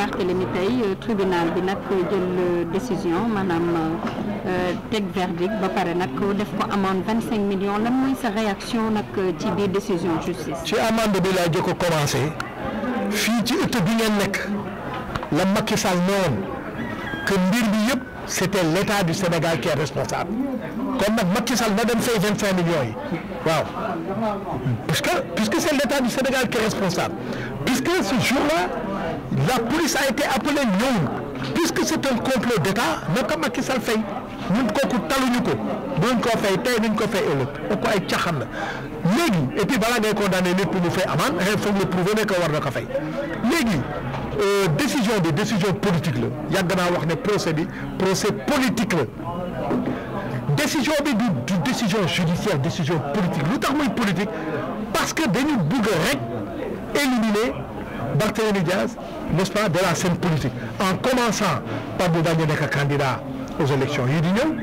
Barthélemy tey euh, tribunal bi nag jël euh, décision maanaam euh, teg verdict ba pare nag def ko amende vingt cinq mooy sa réaction nag ci biir décision justice. ci amende bi laa jëkk commencé fii ci ëtt bi ngeen nekk la Macky Sall ne woon que mbir bi yëpp c' était l' état du Sénégal qui est responsable kon nag Macky Sall na dem fay vingt cinq millions yi du Sénégal qui est responsable puisque ce jour là. la police a été appelée ñëwul puisque c'est un complot d'État naka Macky Sall fay ñun kooku taluñu ko buñ ko fay tey duñ ko fay ëllëg kooku ay caaxaan la léegi et puis balaa ngay condamné nit mu fay amaan il faut na ko fay léegi euh, décision bi décision politique la yàgg naa wax ne procès bi politique la décision de décision judiciaire décision politique lu tax politique parce que dañu bëgg rek éliminer Barthélémy Diaz n'est-ce de la scène politique en bu bañ a nekk candidat aux élections yi di ñëw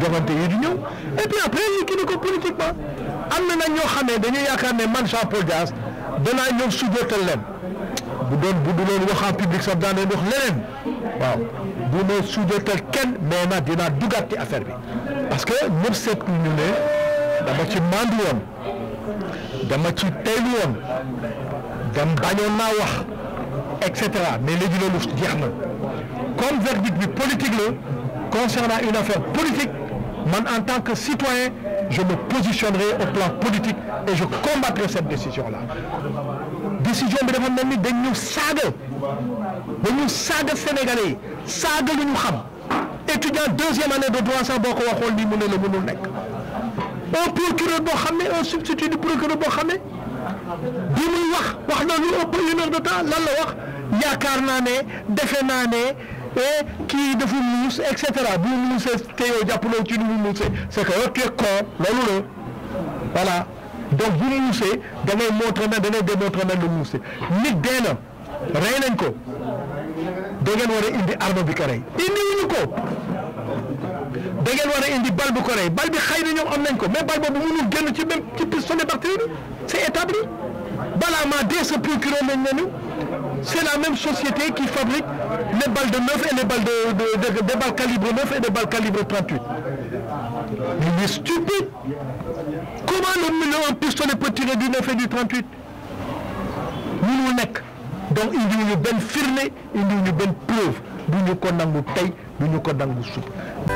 jogante yi di ñëw et puis après ñu kii ni ko politiquement am na nag ñoo xam ne dañuy yaakaar ne man Jean-Paul Dias danaa ñëw sujootal leen bu doon bu du loon wax en public sax daan leen wax leneen waaw bu ma sujootal kenn mais nag dinaa ci affaire bi parce que ñëpp seetlu ñu ne dama ci mandu woon dama ci teylu woon dam bañoon naa wax et cetera mais léegi loolu jeex na comme verdict bi politique la concernant une affaire politique man en tant que citoyen je me positionnerai au plan politique et je combattrai cette décision là décision bi dafa mel ni dañ ñu saaga dañ ñu saaga sénégalais yi saaga xam étudiant deuxième année de droit sax boo ko waxoon lii mu ne la mënul nekk un procureur boo xam ne un substitut du procureur boo xam ne bi muy wax wax na lu lan yaakaar naa ne defe naa ne eh, kii dafa muus et cetera bu muusee te yow jàppaloo ci nu mu muusee c' est que yow tu es con loolu la voilà donc bu muusee da ngay montré na da ngay démontré na lu muusee nit dee na rey nañ ko da ngeen war indi arme bi ko rey indi wuñu ko da ngeen war a indi bal bu ko rey bal bi xëy na ñoom am nañ ko mais bal boobu mënul génn ci même ci pistolet bactérie c' établi balaa maa dee sa procureur nañ ne C'est la même société qui fabrique les balles de 9 et les balles de, de, de, des balles calibre 9 et des balles calibre 38. Il est stupide. Comment le, pistolet peut tirer du 9 et du 38 Nous, nous donc indi ñu benn firnde indi ñu benn preuve du ñu ko nangu du ñu ko nangu suba